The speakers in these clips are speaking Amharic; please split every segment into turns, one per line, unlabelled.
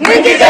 Green Kids,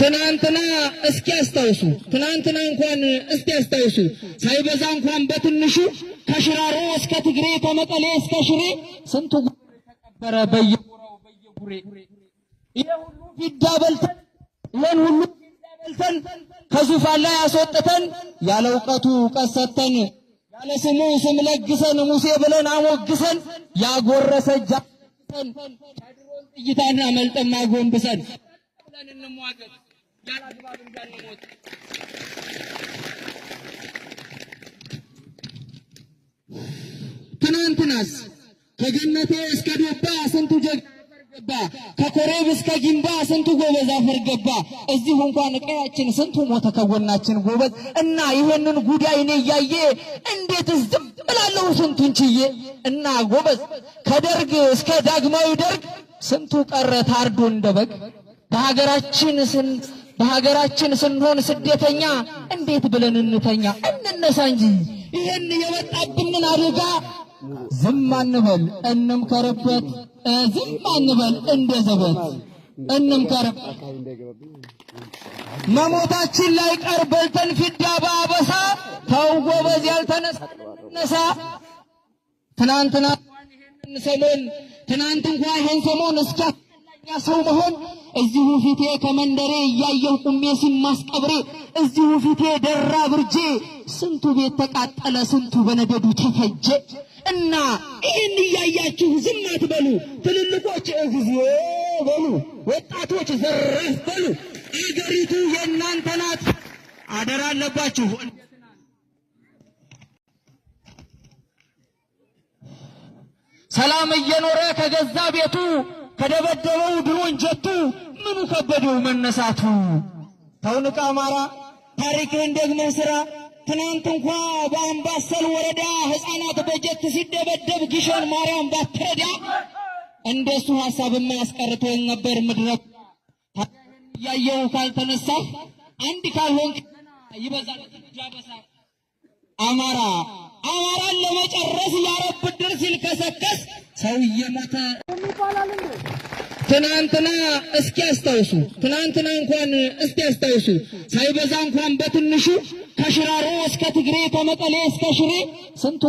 ትናንትና እስኪ ያስታውሱ፣ ትናንትና እንኳን እስቲ ያስታውሱ። ሳይበዛ እንኳን በትንሹ ከሽራሮ እስከ ትግሬ ከመቀሌ እስከ ሽሬ ስንቱ ተቀበረ በየጉራው በየጉሬ። ይሄ ሁሉ ፊዳ በልተን ይሄን ሁሉ ፊዳ በልተን ከዙፋን ላይ አስወጥተን ያለ እውቀቱ እውቀት ሰጥተን ያለ ስሙ ስም ለግሰን ሙሴ ብለን አሞግሰን ያጎረሰ እጅ አስገሰን ጥይታና መልጠማ ጎንብሰን ብለን እንሟገት ያለ አግባብ እንዳንሞት ትናንትናስ ከገነቴ እስከ ዶባ ስንቱ ጀግ ገባ ከኮሬብ እስከ ጊንባ ስንቱ ጎበዝ አፈር ገባ። እዚሁ እንኳን ቀያችን ስንቱ ሞተ ከጎናችን ጎበዝ እና ይሄንን ጉዳይ እኔ እያየ እንዴት ዝም ብላለሁ ስንቱን ችዬ እና ጎበዝ ከደርግ እስከ ዳግማዊ ደርግ ስንቱ ቀረ ታርዶ እንደበግ በሀገራችን በሀገራችን ስንሆን ስደተኛ እንዴት ብለን እንተኛ? እንነሳ እንጂ ይህን የመጣብንን አደጋ ዝም አንበል፣ እንምከርበት። ዝም አንበል፣ እንደ ዘበት እንምከርበት። መሞታችን ላይ ቀር በልተን ፊዳ በአበሳ ተውጎ በዚህ ያልተነሳ ትናንትና ሰሞን ትናንት እንኳ ይህን ሰሞን እስኪያ ሰው መሆን እዚሁ ፊቴ ከመንደሬ እያየሁ ቁሜ ሲማስ እዚሁ ፊቴ ደራ ብርጄ ስንቱ ቤት ተቃጠለ ስንቱ በነገዱ ተፈጀ። እና ይህን እያያችሁ ዝም አትበሉ። ትልልቆች እግዚኦ በሉ፣ ወጣቶች ዘራፍ በሉ። አገሪቱ የእናንተ ናት፣ አደራ አለባችሁ። ሰላም እየኖረ ከገዛ ቤቱ ከደበደበው ድሮን ጀቱ ምኑ ከበደው መነሳቱ። ተውንቅ አማራ ታሪክህን ደግመህ ስራ። ትናንት እንኳ በአምባሰል ወረዳ ሕፃናት በጀት ሲደበደብ ጊሸን ማርያም ባትረዳ እንደሱ ሐሳብ የማያስቀርቶ ነበር። ምድረት ያየው ተነሳ! አንድ ካልሆንክ ይበዛል ጃበሳ አማራ አማራን ለመጨረስ ያረብ ድር ሲልከሰከስ ሰው እየሞተ ትናንትና እስኪ ያስታውሱ፣ ትናንትና እንኳን እስቲ ያስታውሱ። ሳይበዛ እንኳን በትንሹ ከሽራሮ እስከ ትግሬ ከመቀሌ እስከ ሽሬ ስንቱ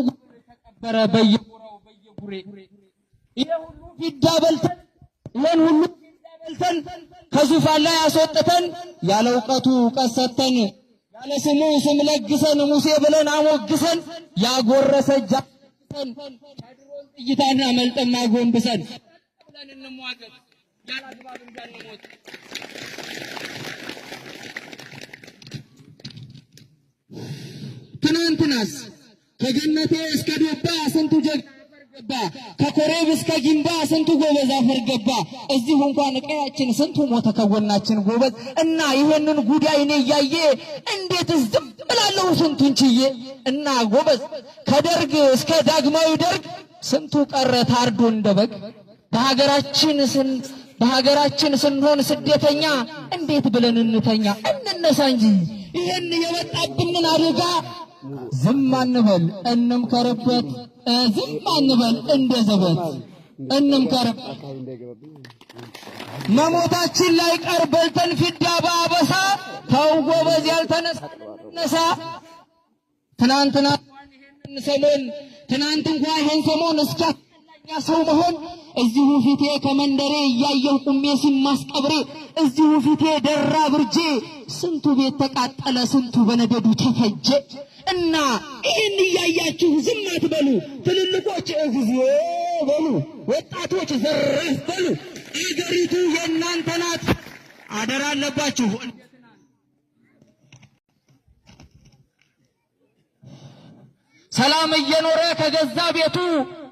ተቀበረ በየጉራው በየጉሬ። ይሄ ሁሉ ፊዳ በልተን ይሄን ሁሉ ፊዳ በልተን ከዙፋን ላይ አስወጥተን ያለ እውቀቱ እውቀት ሰጥተን ያለ ስሙ ስም ለግሰን ሙሴ ብለን አሞግሰን ያጎረሰ እጃ ጥይታና መልጠማ ጎንብሰን ብለን እንሟገት ያለ አግባብ እንዳንሞት ትናንትናስ ከገነቴ እስከ ዶባ ስንቱ ጀግ ገባ ከኮሬብ እስከ ጊንባ ስንቱ ጎበዝ አፈር ገባ። እዚሁ እንኳን ቀያችን ስንቱ ሞተ ከጎናችን ጎበዝ እና ይሄንን ጉዳይ እኔ እያየ እንዴት ዝም ብላለሁ ስንቱን ችዬ እና ጎበዝ ከደርግ እስከ ዳግማዊ ደርግ ስንቱ ቀረ ታርዶ እንደበግ በሀገራችን በሀገራችን ስንሆን ስደተኛ እንዴት ብለን እንተኛ? እንነሳ እንጂ ይህን የመጣብንን አደጋ ዝም አንበል፣ እንምከርበት። ዝም አንበል፣ እንደ ዘበት እንምከርበት። መሞታችን ላይ ቀር በልተን ፊዳ በአበሳ ተውጎ በዚህ ያልተነሳ ትናንትና ሰሞን ትናንት እንኳ ይሄን ሰሞን እስኪያ የኢትዮጵያ ሰው መሆን እዚሁ ፊቴ ከመንደሬ እያየሁ ቁሜ ሲማስ እዚሁ ፊቴ ደራ ብርጄ ስንቱ ቤት ተቃጠለ፣ ስንቱ በነገዱ ተፈጀ እና ይህን እያያችሁ ዝም አትበሉ። ትልልቆች እግዚኦ በሉ፣ ወጣቶች ዘራፍ በሉ። አገሪቱ የእናንተ ናት፣ አደራ አለባችሁ። ሰላም እየኖረ ከገዛ ቤቱ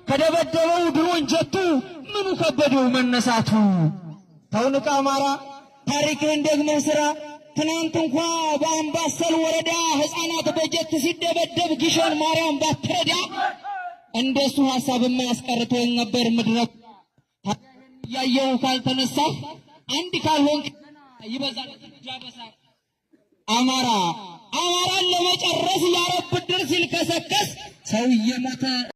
ከደበደበው ድሮን ጀቱ ምኑ ከበደው መነሳቱ። ተውንቅ አማራ ታሪክህን ደግመህ ስራ። ትናንት እንኳ በአምባሰል ወረዳ ህፃናት በጀት ሲደበደብ ጊሸን ማርያም ባትረዳ እንደሱ ሐሳብ የነበር ነበር። ያየው እያየው ተነሳ! አንድ ካልሆንክ ይበዛል። አማራ አማራን ለመጨረስ ያረብ ድር ሲልከሰከስ ሰው እየሞተ